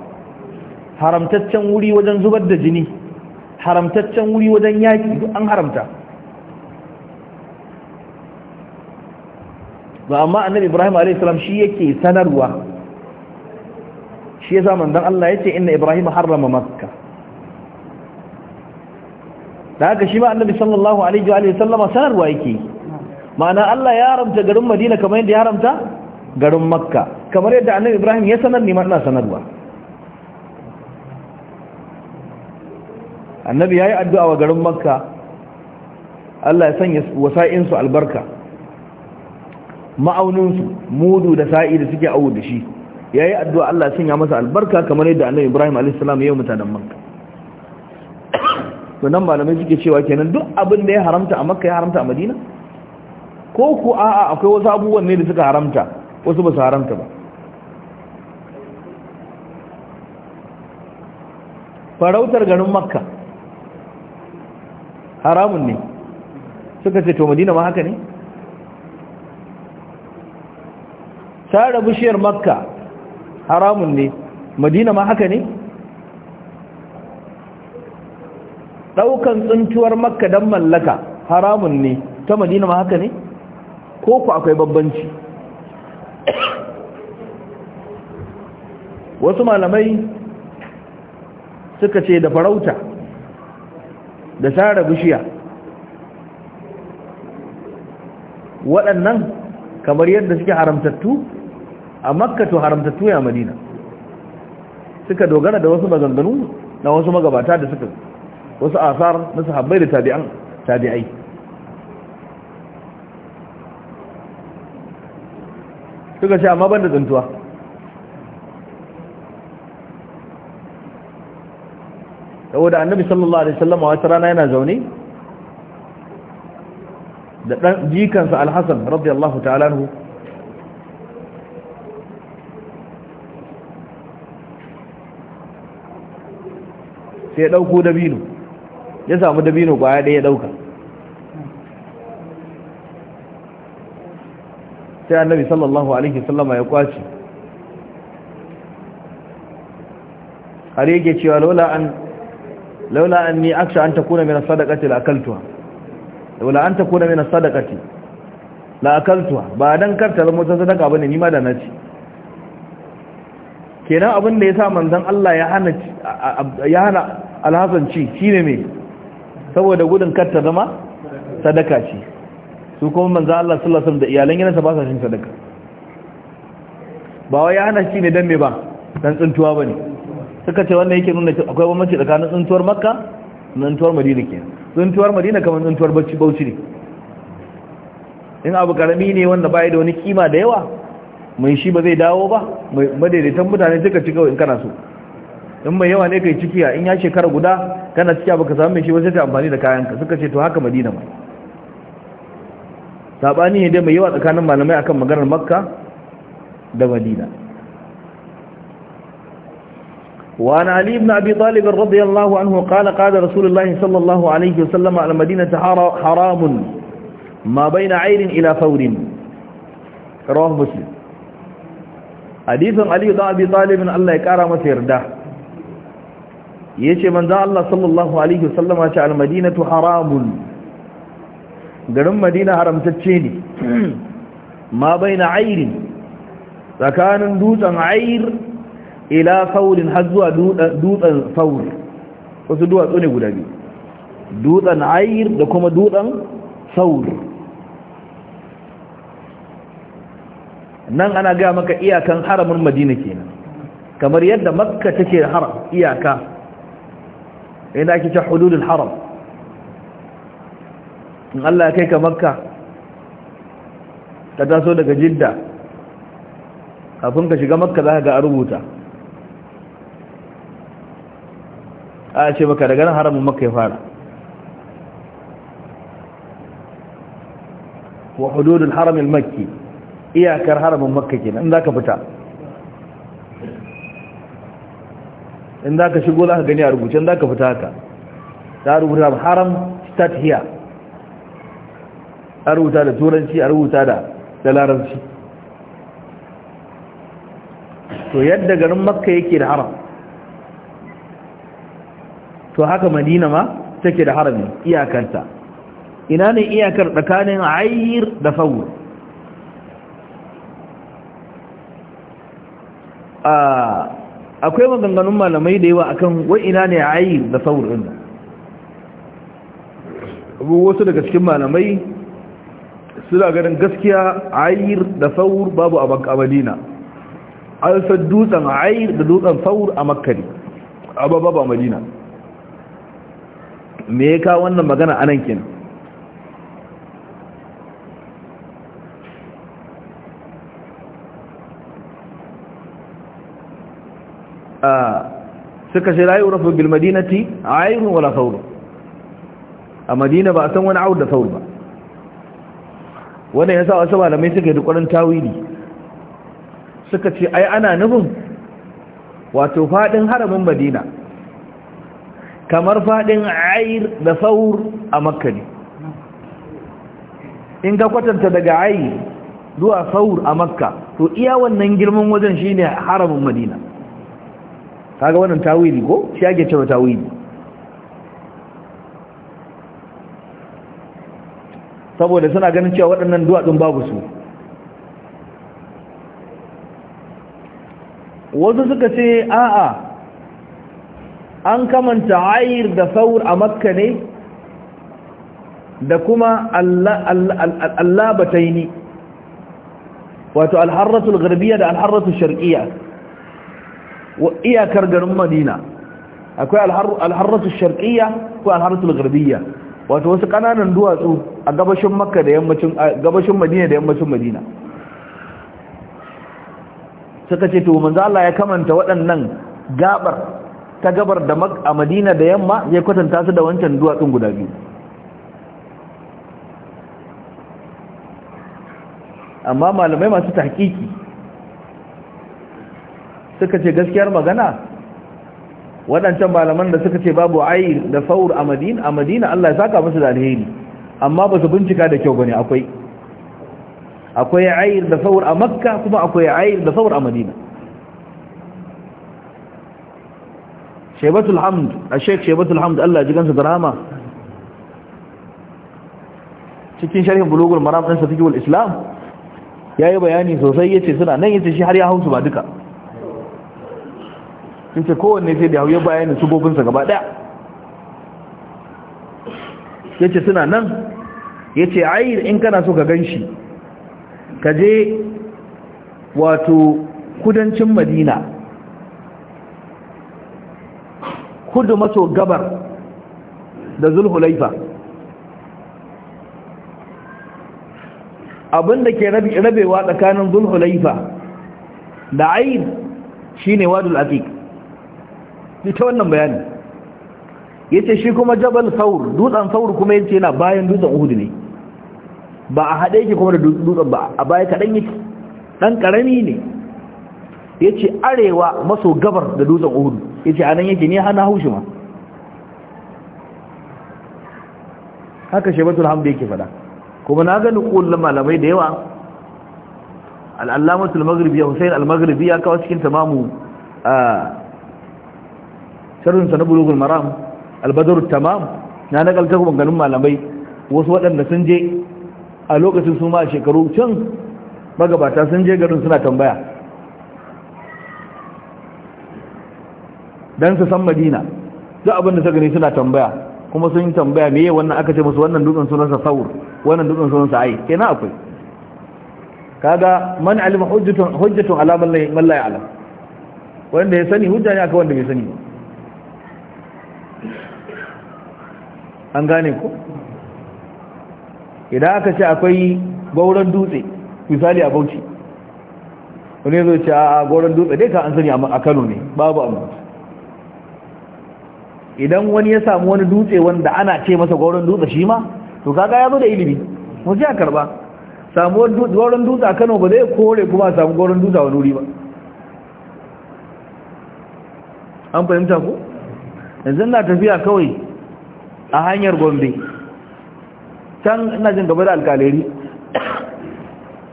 haramtaccen wuri wajen zubar da jini haramtaccen wuri wajen yaki an haramta ba amma annabi ibrahim a.s. shi yake sanarwa shi ya samun don allah ya ce inna ibrahim harrama makka da haka shi ma annabi sallallahu alaihi wa sallama sanarwa yake ma'ana allah ya haramta garin madina kamar yadda ya haramta garin makka kamar yadda annabi ibrahim ya sanar ne ina sanarwa annabi ya yi addu'a wa garin makka allah ya sanya wasa'insu albarka ma'auninsu mudu da sa'i da suke awo da shi ya yi addu'a Allah sanya masa albarka kamar yadda annabi ibrahim alaihissalam ya yi mutanen makka to nan malamai suke cewa kenan duk abin da ya haramta a makka ya haramta a madina ko ku a'a akwai wasu abubuwan ne da suka haramta wasu ba su haramta ba farautar garin makka haramun ne suka ce to madina ma haka ne tara bishiyar makka haramun ne madina ma haka ne daukan tsuntuwar makka don mallaka haramun ne ta madina ma haka ne ko ku akwai babbanci wasu malamai suka ce da farauta da tara bishiya waɗannan kamar yadda suke haramtattu a makka to haramta tuya madina suka dogara da wasu maganganu na wasu magabata da suka wasu asar na sahabbai da tabi'an tabi'ai suka ce amma ban da tsantuwa saboda annabi sallallahu alaihi wasallam a wata rana yana zaune da ɗan jikansa Alhassan hasan radiyallahu ta'ala anhu sai ya ɗauko dabino ya samu dabino kwaya ɗaya ya ɗauka sai annabi sallallahu alaihi sallama ya kwace har yake cewa laula an ni aksha an takuna min as-sadaqati la laula an takuna min as-sadaqati la ba don karta zama wata sadaka bane ni ma da naci kenan abin da ya sa manzan Allah ya hana ya hana alhassan ci shi ne mai saboda gudun karta zama sadaka ce su kuma manza Allah sallallahu alaihi da iyalan yana ba sa shi sadaka ba wai ya hana shi ne dan me ba dan ba bane suka ce wannan yake nuna akwai bambanci tsakanin tsintuwar makka da tsintuwar madina ke tsintuwar madina kamar tsuntuwar bauchi ne in abu karami ne wanda bai da wani kima da yawa mai shi ba zai dawo ba mai madaidaitan mutane suka ci kawai in kana so in mai yawa ne kai cikiya in ya shekara guda kana ciki baka samu mai shi wasu sai ka amfani da kayanka suka ce to haka madina mai sabani ne dai mai yawa tsakanin malamai akan maganar makka da madina وعن علي بن أبي طالب رضي الله عنه قال قال رسول الله صلى الله عليه وسلم على مدينة حرام ما بين عين إلى فور رواه مسلم hadisin aliyu da abi talibin Allah ya kara masa yarda yace manzo Allah sallallahu alaihi wasallama ce al-madinatu haramun garin madina haramtacce ne [CLEARS THROAT] ma baina airin tsakanin dutsen air ila saurin har zuwa dutsen saur wasu duwatsu ne guda biyu dutsen air da kuma dutsen saur nan ana ga maka iyakan haramin madina kenan kamar yadda makka take haram iyaka yadda ake ce hududul haram in Allah ya kai ka makka ka taso daga jidda kafin ka shiga makka za ka ga a rubuta a ce maka daga nan haramun makka ya fara wa hududul haram al-makki iyakar haramin makka kenan in zaka fita in za ka shigo za ka gani a rubuce za ka fita haka ta rubuta haram start here a rubuta da turanci a rubuta da larabci to yadda garin makka yake da haram to haka madina ma take da harami iyakarta ina ne iyakar tsakanin ayir da fawo a ah, akwai maganganun malamai da yawa akan wa'ina ne ayi da saur din wasu daga cikin malamai suna ganin gaskiya ayir da saur babu a makka madina an san dutsen ayir da dutsen saur a makka ne a babu a madina me ya kawo wannan magana anan kenan suka ce layu yurafu bil madinati ayrun wala thawr a madina ba a san wani aur da thawr ba wannan yasa wasu malamai suka yi dukarin tawili suka ce ai ana nufin wato fadin haramin madina kamar fadin ayr da thawr a makka ne in ka kwatanta daga ayr zuwa thawr a makka to iya wannan girman wajen shine haramin madina kaga wannan tawili ko shi ake cewa tawili saboda suna ganin cewa waɗannan duwatsun babu su wasu suka ce a'a an kamanta ayir da saur a makka ne da kuma allabataini wato alharratul garbiya da alharratul sharqiyya iyakar garin madina akwai alharratu sharqiyya ko alharratu garbiya wato wasu kananan duwatsu a gabashin makka da yammacin gabashin madina da yammacin madina suka ce to manzo Allah ya kamanta waɗannan gabar ta gabar da a madina da yamma zai kwatanta su da wancan duwatsun guda biyu amma malamai masu tahqiqi suka ce gaskiyar magana waɗancan malaman da suka ce babu ayi da faur a madina a madina Allah ya saka musu da alheri amma ba su bincika da kyau bane akwai akwai ayi da faur a makka kuma akwai ayi da faur a madina shebatul hamd a sheik shebatul hamd Allah ji gansu drama cikin sharhin bulugul maram ɗinsa fikiyar islam ya yi bayani sosai ya ce suna nan yace shi har ya hausu ba duka yace kowanne sai da hauye su sufofinsa gaba daya yace suna nan yace ayir in kana so ka ganshi ka je wato kudancin madina kudu maso gabar da zulhulaifa abinda ke rabewa tsakanin zulhulaifa da ayir shine wadul aqiq ni ta wannan bayani yace shi kuma jabal saur dutsen saur kuma yace yana bayan dutsen uhud ne ba a hade yake kuma da dutsen ba a baya kadan yake dan karami ne yace arewa maso gabar da dutsen uhud yace anan yake ne hana haushi ma haka shebatul hamdi yake fada kuma na ga nuqul malamai da yawa al-allamatul maghribi al-maghribi ya kawo cikin tamamu ah, sharrinsa na bulugul maram albadar tamam na nakalta ganin malamai wasu waɗanda sun je a lokacin su ma a shekaru can magabata sun je garin suna tambaya don su san madina duk abinda suka gani suna tambaya kuma sun yi tambaya meye wannan aka ce musu wannan dutsen sa saur wannan dutsen sa ai kenan akwai kaga man alima hujjatun hujjatun ala mallai la wanda ya sani hujja ne aka wanda bai sani ba an gane ku idan aka ce akwai gauran dutse misali a bauchi wani zo ce a gauran dutse dai ka an sani a kano ne babu a idan wani ya samu wani dutse wanda ana ce masa gauran dutse shi ma to kaga ya zo da ilimi mu a karba samu gauran dutse a kano ba zai kore kuma samu gauran dutse a wani wuri ba an fahimta ku yanzu na tafiya kawai a hanyar gombe can ina jin gaba da alkaleri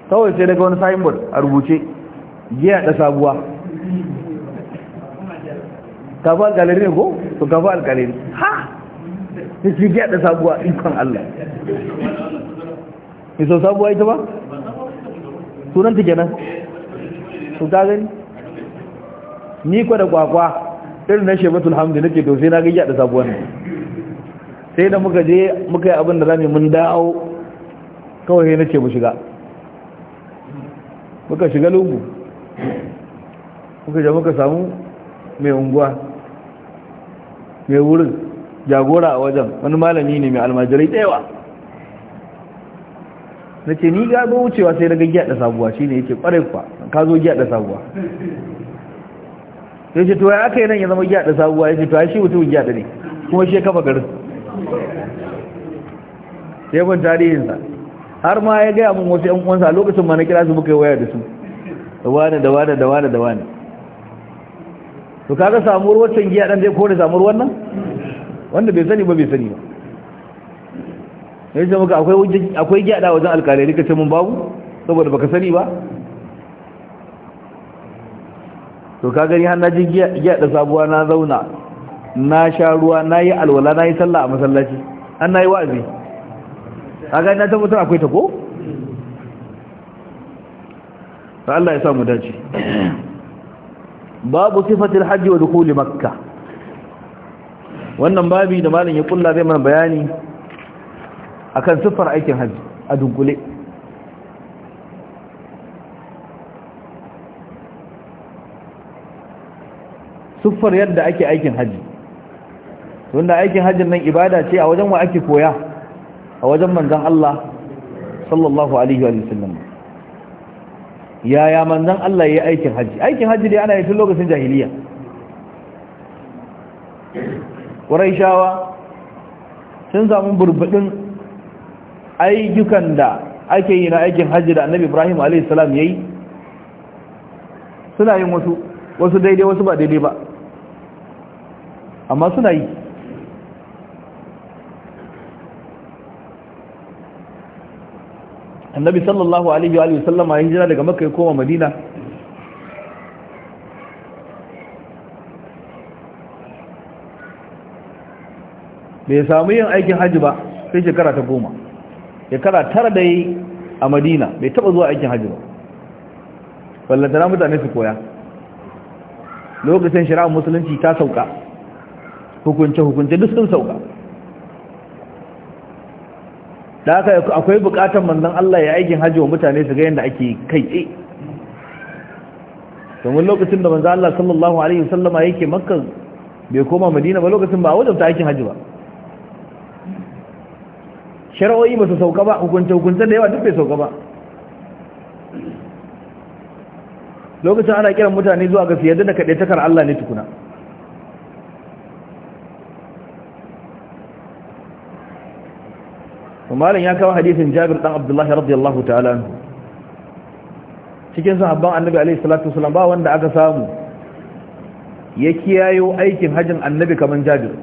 kawai sai daga wani signboard a rubuce giya da sabuwa kafa alkaleri ne ko? to kafa alkaleri ha! ta ce giya da sabuwa ikon Allah iso sabuwa ita ba? sunan tike nan su ta gani? ni kwa da kwakwa irin na shebatul hamdi nake to na ga giya da sabuwa ne sai da muka je muka yi abin da mu mun da'au kawai na ce mu shiga muka shiga lungu muka je muka samu mai unguwa mai wurin jagora a wajen wani malami ne mai almajirai tsayawa na ce ni ga zo wucewa sai na ga da sabuwa shi ne yake kwarai kwa ka zo gyaɗa sabuwa ya ce to ya aka yi nan ya zama da sabuwa ya ce to ya shi mutumin da ne kuma shi ya kafa garin sai tarihinsa har ma ya gaya mun wasu 'yan uwansa lokacin ma na kira su muka yi waya da su da wane da wane da wane da wane to kaga samuwar waccan giya ɗan zai kone samuwar wannan wanda bai sani ba bai sani ba ya yi samuka akwai giya da wajen alƙalai rika ce mun babu saboda baka sani ba to ka gani har na ji giya da sabuwa na zauna na sha ruwa na yi alwala na yi sallah a masallaci an na yi wa'azi a gani na tabbatar akwai ta ko? ta Allah ya sa mu dace babu sifatar hajji wa dukuli makka wannan babi da malin ya kulla zai mana bayani akan siffar aikin hajji a dunkule siffar yadda ake aikin hajji tunda aikin hajjin nan ibada ce a wajen wa ake koya a wajen manzon Allah sallallahu alaihi wa sallam yaya manzon Allah ya aikin hajji aikin hajji dai ana yi tun lokacin jahiliya shawa sun samu burbudin ayyukan da ake yi na aikin hajji da Annabi Ibrahim alaihi salam yayi suna yin wasu wasu daidai wasu ba daidai ba amma suna yi annabi sallallahu alaihi wa sallam ya hijira daga makka ya koma madina bai samu yin aikin hajji ba sai shekara ta goma shekara tara da yi a madina bai taba zuwa aikin hajji ba ballantana mutane su koya lokacin shirar musulunci ta sauka hukunce-hukunce duk sun sauka da aka akwai bukatar manzon Allah ya aikin hajji wa mutane su ga yadda ake kai tsaye domin lokacin da manzon Allah sallallahu alaihi wasallama yake makka bai koma madina ba lokacin ba a ta aikin hajji ba shari'o'i ba su sauka ba hukunce hukunce da yawa duk bai sauka ba lokacin ana kiran mutane zuwa ga su da kaɗai takar Allah ne tukuna malam ya kawo hadisin Jabir dan Abdullah radiyallahu ta'ala anhu cikin sahabban Annabi alaihi salatu wasallam ba wanda aka samu ya kiyayo aikin hajjin Annabi kaman Jabir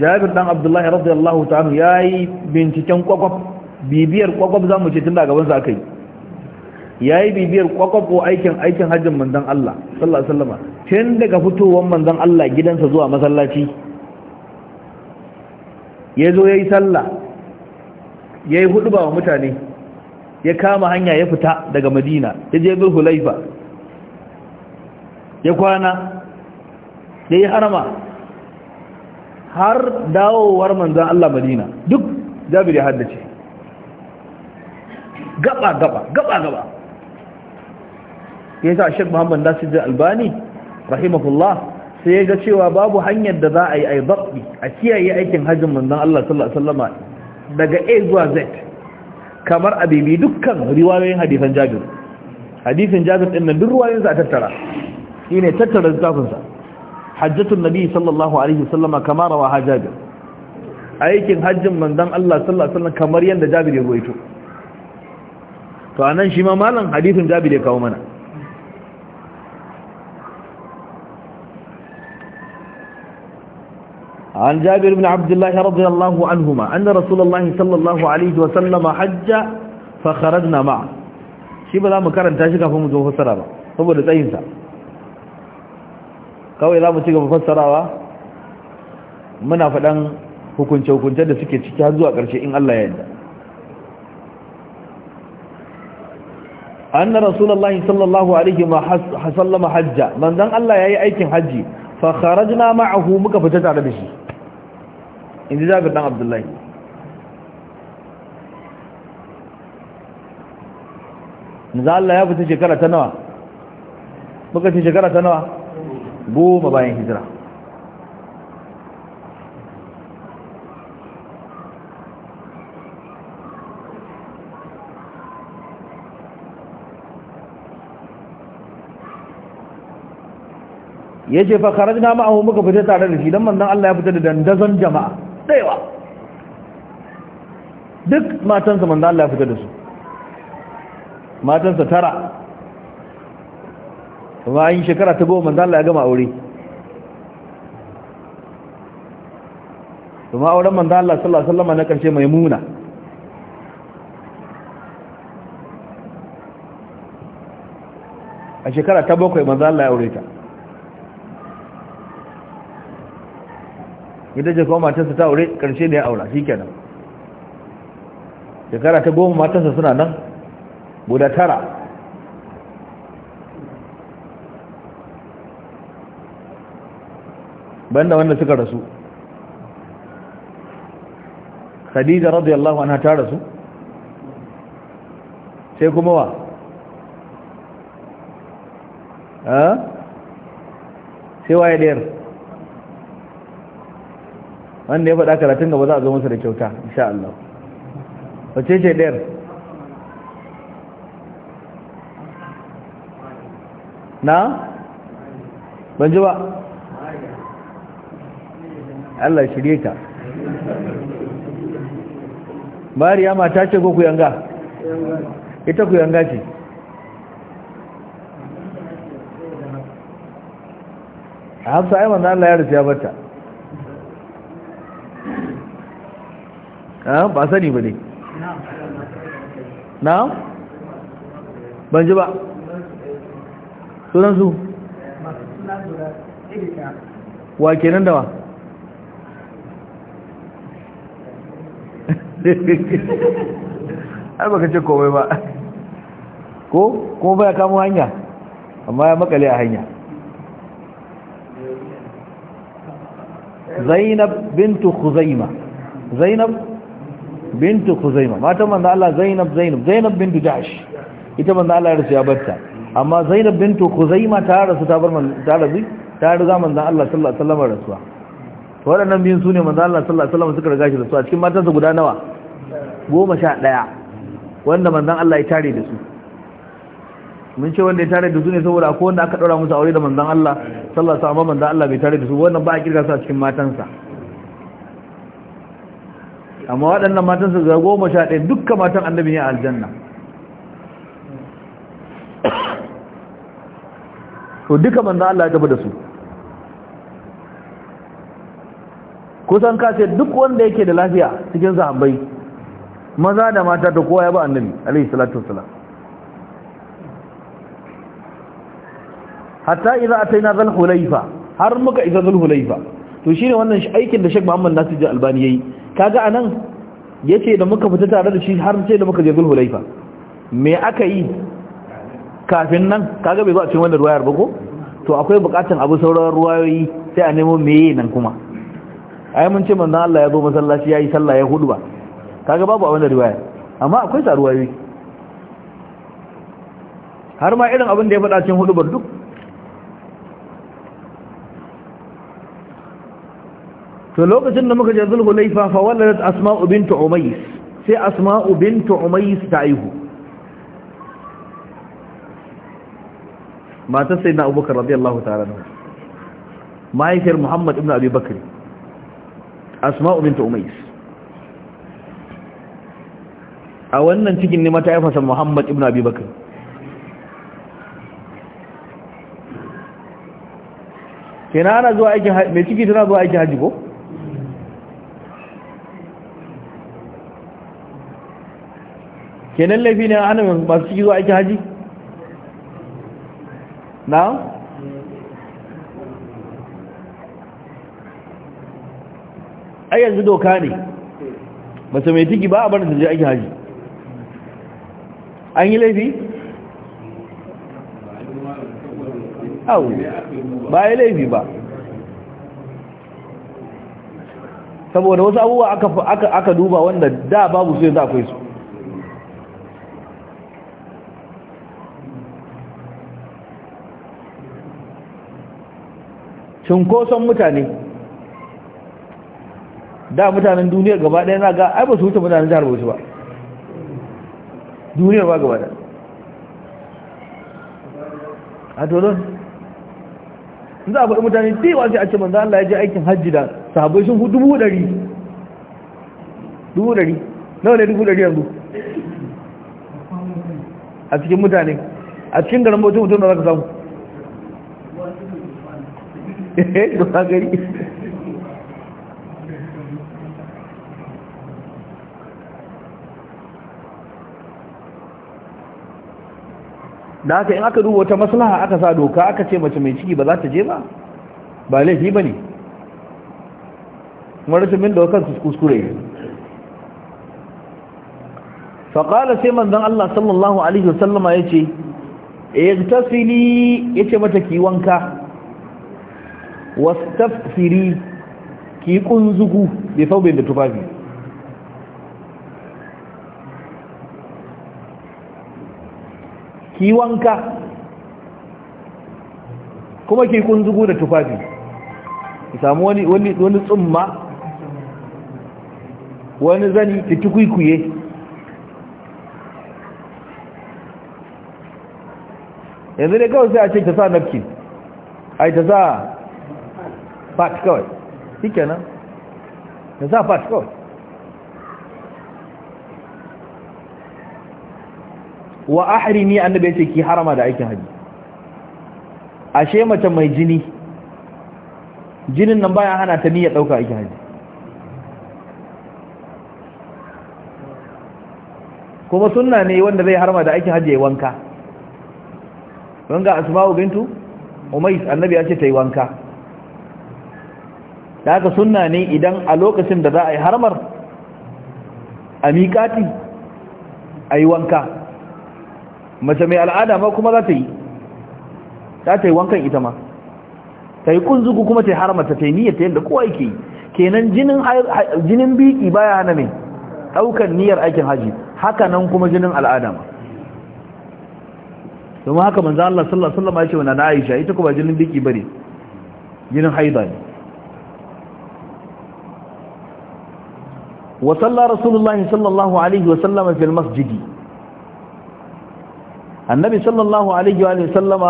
Jabir dan Abdullah radiyallahu ta'ala yayi binciken kwakwaf bibiyar kwakwaf zamu ce tun daga gaban sa akai yayi bibiyar kwakwaf ko aikin aikin hajjin manzon Allah sallallahu alaihi wasallam tun daga fitowar manzon Allah gidansa zuwa masallaci ya zo ya yi sallah ya yi ba wa mutane ya kama hanya ya fita daga madina ya je bil hulaifa ya kwana ya yi harama har dawowar manzan Allah madina duk jabir ya haddace gaba gaba gaba gaba ya sa shek muhammad nasir albani rahimahullah sai ya ga cewa babu hanyar da za a yi a yi a kiyaye aikin hajjin manzan Allah sallallahu Alaihi daga A zuwa Z kamar a bibi dukkan riwayoyin hadisan jabir hadisin jabir ɗin nan duk ruwayoyin za a tattara shi ne tattara littafinsa hajjatun nabi sallallahu Alaihi sallama kamar rawa ha jabir aikin hajjin manzan Allah sallallahu Alaihi wasallam kamar yadda jabir ya ruwaito to anan shi ma malam hadisin jabir ya kawo mana عن جابر بن عبد الله رضي الله عنهما أن رسول الله صلى الله عليه وسلم حج فخرجنا معه شيء بلا مكرن تاشي كفو مجو فسرا با saboda tsayin kawai zamu ci gaba fassarawa muna fadan hukunce hukunce da suke ciki har zuwa karshe in Allah ya yarda anna rasulullahi sallallahu alaihi wa sallama hajja manzon Allah yi aikin hajji fa kharajna ma'ahu muka fita tare da shi in ji jabir dan abdullahi manzo Allah ya fita shekara ta nawa muka ce shekara ta nawa goma bayan hijira ya ce fa kharajna ma'ahu muka fita tare da shi dan manzon Allah ya fita da dandazon jama'a da duk matansa manzo Allah ya fita da su matansa tara bayan shekara ta goma manzo Allah ya gama aure kuma auren manzo Allah sallallahu alaihi wasallam na karshe maimuna a shekara ta bakwai manzo Allah ya aure ta idan ce kuma matarsa ta aure karshe ne ya aura shi kenan shekara ta goma matarsa suna nan guda tara banda wanda suka rasu khadija radiyallahu anha ta rasu sai kuma wa sai waye ɗayar wanda ya faɗa karatun gaba za a zo masa da kyauta insha Allah wace ce ɗayar na ban ji ba Allah shirye ka bariya mata ce ko kuyanga ita kuyanga ce a hafsa aiman Allah ya rufe ya bata ba sani ba ne na ban ji ba sunan su wa nan da wa [LAUGHS] ai baka ce komai ba ko kuma baya kamo hanya amma ya makale a hanya zainab bintu khuzaima zainab bintu Khuzaima matan manzo Allah Zainab Zainab Zainab bintu Jahsh ita manzo Allah ya rasu ya barta amma Zainab bintu Khuzaima ta rasu ta bar manzo ta ta riga manzo Allah sallallahu alaihi wasallam rasuwa to wadannan biyun sune manzo Allah sallallahu alaihi wasallam suka riga shi rasuwa cikin matansa guda nawa 11 wanda manzo Allah ya tare da su mun ce wanda ya tare da su ne saboda akwai wanda aka daura musu aure da manzon Allah sallallahu alaihi wasallam manzon Allah bai tare da su wannan ba a kirga su a cikin matansa amma waɗannan matan su zago goma sha ɗaya dukkan matan annabi ne a aljanna to duka manzo Allah ya tafi da su kusan kace duk wanda yake da lafiya cikin sahabbai maza da mata ta kowa ya ba annabi alayhi salatu wasalam hatta idza ataina zal hulaifa har muka idza zal hulaifa to shine wannan aikin da Sheikh Muhammad Nasir Albani yayi kaga anan yace da muka fita tare da shi har sai da muka je zulhulaifa me aka yi kafin nan kaga bai zo a cikin wannan ruwayar ba ko to akwai bukatun abu sauraron ruwayoyi sai a nemo meye nan kuma ai mun ce manzon Allah ya zo masallaci yayi sallah ya hudu ba kaga babu a wannan ruwayar. amma akwai sa ruwayoyi har ma irin abin da ya faɗa cikin ba duk to lokacin da muka je zulhulaifa fa walladat asma'u bintu umays sai asma'u bintu umays ta aihu matar sayyidina abubakar radiyallahu ta'ala anhu mahaifiyar muhammad ibn abi bakr asma'u bintu umays a wannan cikin ne mata aifasa muhammad ibn abi bakr kina ana zuwa aiki mai ciki tana zuwa aiki haji ko kenan laifi ne ana masu ciki zuwa aiki haji na ai yanzu doka ne masu mai ciki ba a bar ta je aiki haji an yi laifi au ba yi laifi ba saboda wasu abubuwa aka duba wanda da babu su yanzu akwai su cunkoson mutane da mutanen duniya gaba ɗaya na ga ai ba su wuce mutanen jihar bauchi ba duniyar ba gaba ɗaya a in za a faɗi mutane cewa sai a ce manzan Allah ya je aikin hajji da sahabai sun dubu ɗari dubu ɗari nawa ne dubu ɗari yanzu a cikin mutane a cikin garin bauchi mutum da za ka samu [LAUGHS] da haka in aka duba wata maslaha aka sa doka aka ce mace mai ciki ba za ta je ba ba laifi ba ne marashimin da su kuskure faƙala sai manzan Allah sallallahu Alaihi wasallama ya ce ta fili ya ce mata ki wanka wastafsiri ki kunzugu bi saubin da tufafi ki wanka kuma ki kunzugu da tufafi ki samu wani wani wani tsumma wani zani ki tukuikuye yanzu ne kawai sai a ce ta sa napkin ai ta sa fat kawai shi kenan ya sa fat kawai wa ahrimi annabi ya ce ki harama da aikin haji ashe mace mai jini jinin nan baya hana ta niyyar dauka aikin haji kuma sunna ne wanda zai harma da aikin haji ya wanka wanga asma'u bintu umais annabi ya ce ta yi wanka da haka sunna ne idan a lokacin da za a yi harmar a miƙati a yi wanka mace mai al'ada ma kuma za ta yi za ta yi wankan ita ma ta yi kunzugu kuma ta yi harmar ta yi niyyar ta yadda kowa yake yi kenan jinin biki baya hana mai ɗaukar niyyar aikin haji haka nan kuma jinin al'ada ma domin haka manzan Allah sallallahu alaihi wasallam ya ce wa na Aisha ita kuma jinin biki bare jinin haida ne وصلى رسول الله صلى الله عليه وسلم في المسجد النبي صلى الله عليه وآله وسلم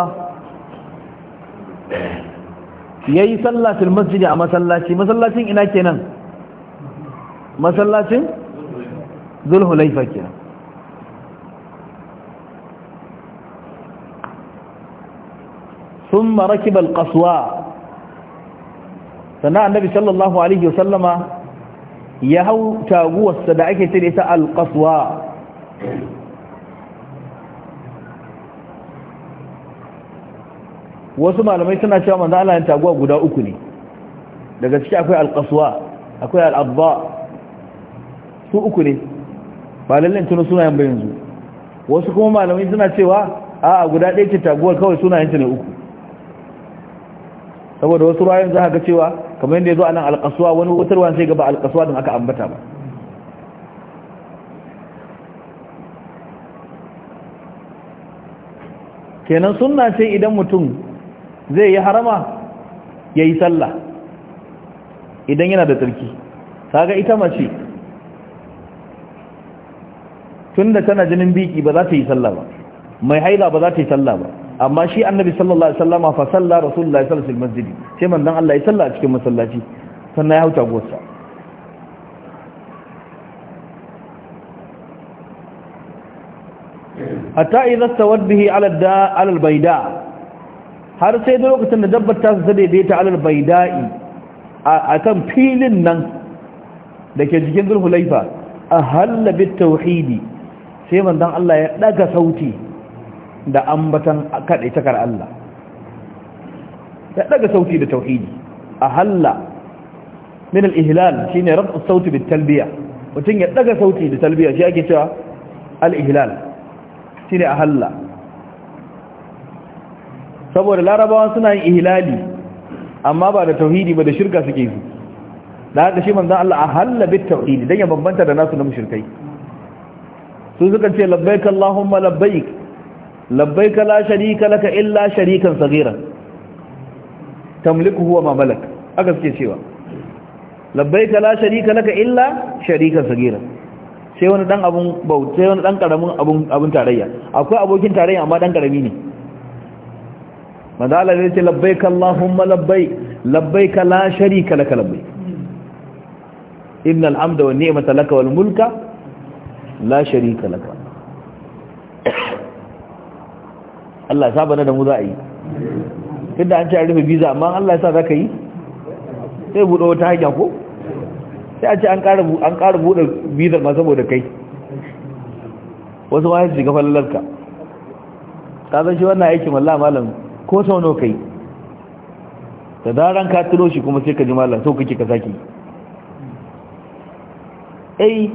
yayi sallah a masallaci masallacin ina kenan masallacin zulhulaifa kenan thumma rakiba alqaswa sannan annabi sallallahu alaihi wasallama ya hau taguwarsa da ake cire ta alƙaswa wasu malamai suna cewa manzo Allah ya taguwa guda uku ne daga ciki akwai alƙaswa akwai al'abba su uku ne ba lallin tuno sunayen bayan yanzu wasu kuma malamai suna cewa a guda ɗaya ce taguwar kawai sunayen ta ne uku saboda wasu rayun za ka cewa kamar yadda ya zo a nan alkasuwa wani wutarwa sai gaba alkasuwa don aka ambata ba kenan sunna ce idan mutum zai yi harama ya yi sallah idan yana da tsarki saga ita mace tun da tana jinin biki ba za ta yi sallah ba mai haila ba za ta yi sallah ba amma shi annabi sallallahu alaihi wasallam fa salla rasulullahi sallallahu alaihi wasallam masjidi sai manzon Allah ya salla a cikin masallaci sannan ya hauta gosa hatta idza stawad bihi ala da ala albayda har sai da lokacin da dabbar ta zade da ta ala albayda'i akan filin nan dake jikin zulhulaifa ahalla bit tauhidi sai manzon Allah ya daga sauti da ambatan kaɗai takar Allah ya ɗaga sauti da tauhidi a ahalla min al shi ne rad'u sauti bit talbiya Mutum ya ɗaga sauti da talbiya shi ake cewa al ne a halla. saboda larabawa suna yin ihilali, amma ba da tauhidi ba da shirka suke yi da haka shi manzon Allah a ahalla bit tauhidi don ya bambanta da nasu na mushrikai su suka ce labbaik allahumma labbaik labbaika la sharika laka illa sharikan saghira tamliku huwa mamalak malak aka suke cewa labbaika la sharika laka illa sharikan saghira sai wani dan abun bauta wani dan karamin abun tarayya akwai abokin tarayya amma dan karami ne madala ne ce labbaika allahumma labbaik labbaika la sharika laka labbaik innal hamda wan ni'mata laka wal mulka la sharika laka Allah sa bana da mu za a yi tunda an ce an rufe visa amma Allah ya sa za ka yi sai buɗe wata hanya ko sai a ce an ƙara buɗe visa ma saboda kai wasu ma ya shiga fallalarka ka zan shi wannan aikin wallah malam ko sau nawa kai da daren ka tiro shi kuma sai ka ji malam sau kake ka sake eh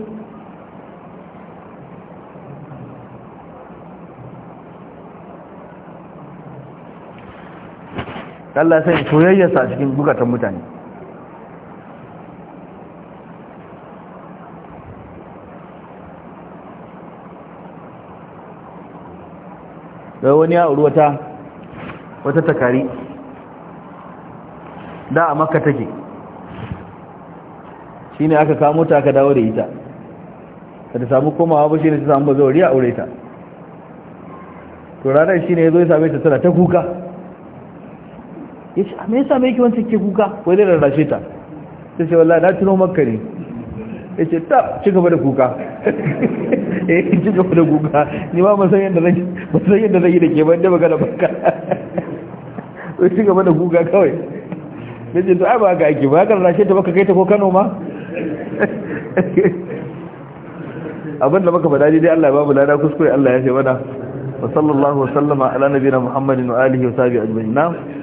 Allah sai soyayya a cikin bukatan mutane da wani ya auri wata wata takari da a makka take shi ne aka kamo ta aka dawo da ita da samu komawa ba shi ne ta samu ba zauri a aure ta to ranar shi ne ya zo ya same ta tana ta kuka ya ce ah, me yasa me yake wancan ke kuka wani zai rarrashe ta sai ce wallahi na tuno makka ne ya ce ta ci gaba da kuka ya [LAUGHS] yi eh, ci gaba da kuka ni ma masan yadda zai yi da ke ban da magana baka ya [LAUGHS] ci gaba da kuka kawai ya ce to ai ba haka ake ba haka rarrashe ta baka kai ta ko kano ma [LAUGHS] abinda maka ba faɗa dai Allah ya babu lada kuskure Allah ya ce mana wa sallallahu wa sallama ala nabiyina Muhammadin wa alihi wa sahbihi ajma'in